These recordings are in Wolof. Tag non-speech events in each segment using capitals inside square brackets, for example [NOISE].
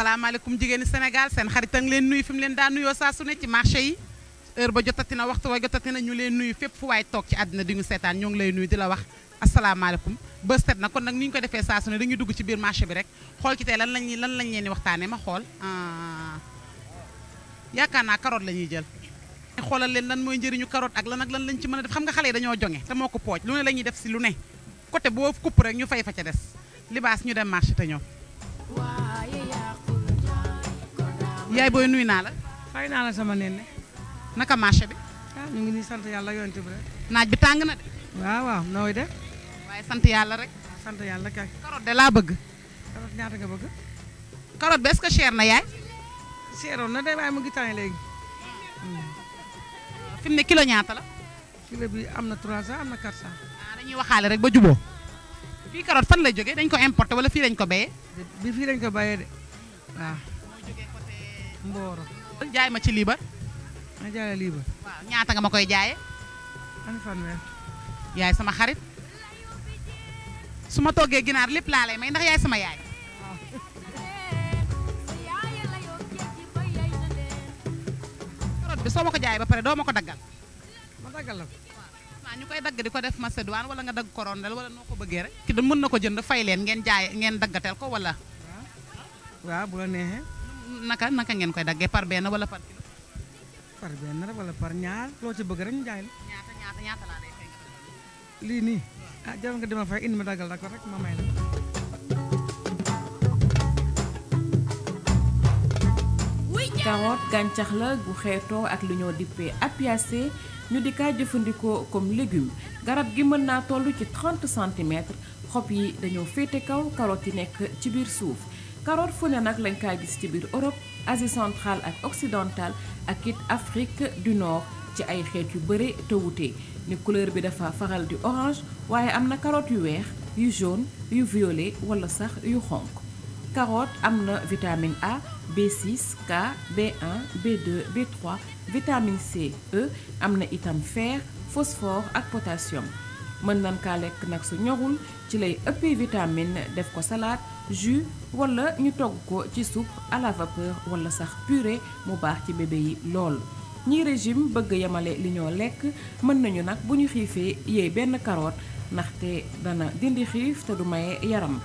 asalaamaaleykum jigéeni Sénégal seen xarit a ngi leen nuyu fi mu leen daa nuyoo saa su ne ci marché yi heure ba jotati na waxtu ba jotati na ñu leen nuyu fépp fu waay toog ci àddina di ñu seetaan ñoo ngi lay nuyu di la wax asalaamaaleykum bés na kon nag ni ñu ko defee saa su dañuy dugg ci biir marché bi rek xool ci tey lan lañ lan lañ leen di waxtaanee ma xool ah. yaakaar naa karoot la ñuy jël xoolal leen lan mooy njëriñu karoot ak lan ak lan lañu ci mën a def xam nga xale yi dañoo jonge te ko pooj lu ne def si lu ne côté boo kupp rek ñu fay fa ca des libaas ñu dem marché te ñëw yaay booy nuy naa la. fay naa la sama nenne. naka marché bi. ah ngi nii sant yàlla yonent bi rek. naaj bi tàng na de. waaw waaw nooy def. waaye sant yàlla rek. sant yàlla kay. carotte de laa bëgg. carotte ñaata nga bëgg. carotte bi est-ce cher na yaay. seeroon na de waaye mu ngi léegi. Hmm. fi ne kilo ñaata la. kilo bi am na 300 am na 400. ah dañuy waxaale rek ba juboo fii carotte fan lay jógee dañ ko importe wala fii dañ ko béyee. bi fii lañ ko béyee de Mboro. jaay ma ci liibar. ma jaay la ñaata nga ma koy jaayee. yaay sama xarit. su ma toggee ginaar lépp laa may ndax sama yaay. carotte bi soo ma ko jaayee ba pare doo ma ko daggal. ma daggal la ñu koy dagg di ko def macédoine wala nga dagg korondel wala noo ko bëggee rek. ki da mën na ko jënd fay leen ngeen jaay ngeen daggatel ko wala. waaw bu la neexee. naka naka ngeen koy daggee par benn wala par kilo. par benn loo ci bëgg rek ñu jaay la. Ah, ma daggal rek gàncax la gu xeetoo ak li ñoo dippee apiacé ñu di kaa jëfandikoo comme légume garab gi mën naa toll ci 30 xob yi dañoo féete kaw carotte yi nekk ci biir suuf karoot fu ne nag lañ kaa gis ci biir Europe Asie centrale ak occidentale ak it Afrique du Nord ci ay xeet yu bare te wuute ni couleur bi dafa faral di orange waaye am na karoot yu weex yu jaune yu violet wala sax yu xonq karoot am na vitamine A b K B1 B2 vitamine C E am na itam fer phosphore ak potassium. mën nan kaa lekk nag su ñorul ci lay ëppee vitamine def ko salaat ju wala ñu togg ko ci soupe à la wala sax purée mu baax ci bébé yi lool. ñi régime bëgg yemale li ñoo lekk mën nañu nag bu ñu xiifee yéey benn carotte ndaxte dana dindi xiif te du maye yaram.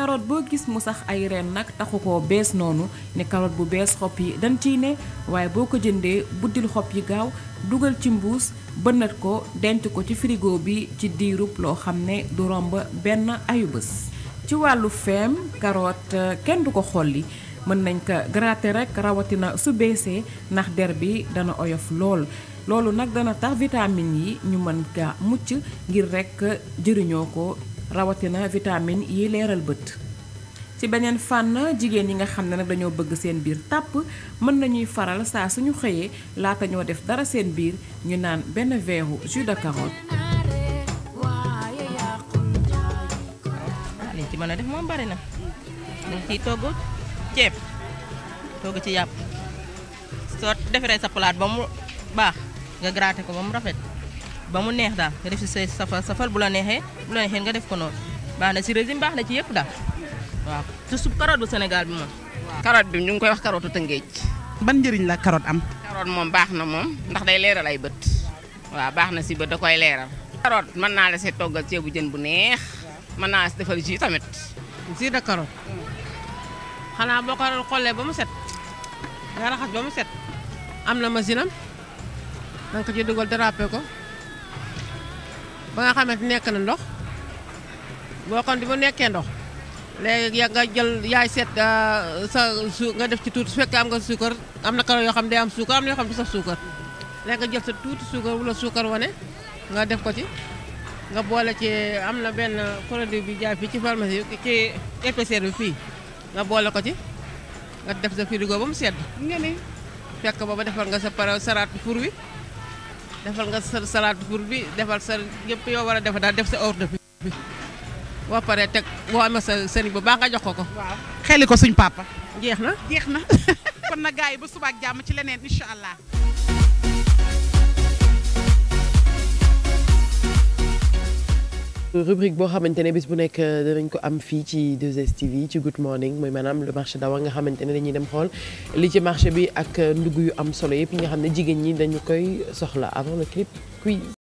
karoot boo gis mu sax ay reen nag taxu ko bees noonu ne carotte bu bees xob yi dañ ciy ne waaye boo ko jëndee buddil xob yi gaaw dugal ci mbuus bënnat ko denc ko ci frigo bi ci diirub loo xam ne du romb benn ayubés ci wàllu feem carotte euh, kenn du ko xolli mën nañ ko gratter rek rawatina su beesee ndax der bi dana oyof lool loolu nag dana tax vitamine yi ñu mën ka mucc ngir rekk jëriñoo ko rawatina vitamine yi leeral bët ci beneen fànn jigéen ñi nga xam ne nag dañoo bëgg seen biir tàpp mën nañuy faral saa suñu xëyee laata ñoo def dara seen biir ñu naan benn veeru jus de carotte. Ah, liñ ci mën a def moom bari na dañ ciy togg ceeb togg ci yàpp soo defaree sa palaat ba mu baax nga gratter ko ba mu rafet. ba mu neex daal nga def si say safal bu la neexee bu la neexee nga def ko noonu baax na si régime baax na ci yëpp daal waaw te suuf carotte bu Sénégal bi moom. carotte bi ñu ngi koy wax carotte tëngéej. ban njëriñ la carotte am. carotte moom baax na moom ndax day leeral ay bët. waaw baax na si bët da koy leeral. carotte mën naa la see toggal ceebu jën bu neex mën naa la si defal jus tamit. jus de carotte. xanaa boo ko xollee ba mu set nga raxas ba mu set am na machine am da ko. ba nga xamante nekk na ndox boo xam ne bu nekkee ndox léegi ya nga jël yaay seet ah, sa su nga def ci tuuti su fekkee am nga suukar am na karo yoo xam ne day am suukar am na yoo xam ne sa suukar léegi nga jël sa tuuti suukar wala suukar wane nga def ko ci nga boole ci am na benn produit bi jaay fii ci pharmacie ci épicerie bi fii nga boole ko ci nga def sa frigo ba mu sedd. nga ni fekk booba defal nga sa para saraat fur wi. defal nga sa salaat pour bi defal sa yëpp yoo war a def daal def sa ordre bi boo paree teg boo amee sa sëriñ bu baa nga jox ko ko. waaw xeli ko suñ pàppa jeex na jeex na [LAUGHS] kon na gaa yi ba suba jàmm ci leneen incha allah. rubrique boo xamante ne bis bu nekk euh, danañ ko am fi ci 2STV ci Good Morning mooy maanaam le marché d'Awa nga xamante ne dañuy dem xool li ci marché bi ak euh, ndugg yu am solo yëpp yi nga xam ne jigéen ñi dañu koy soxla avant le clip quiz